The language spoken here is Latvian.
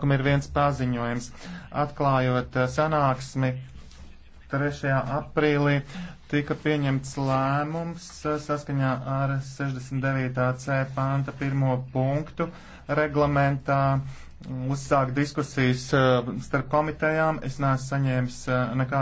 Sākumā ir viens paziņojums. Atklājot eh, sanāksmi 3. aprīlī, tika pieņemts lēmums eh, saskaņā ar 69.c panta pirmo punktu reglamentā mm, uzsākt diskusijas eh, starp komitejām. Es neesmu saņēmis nekādu.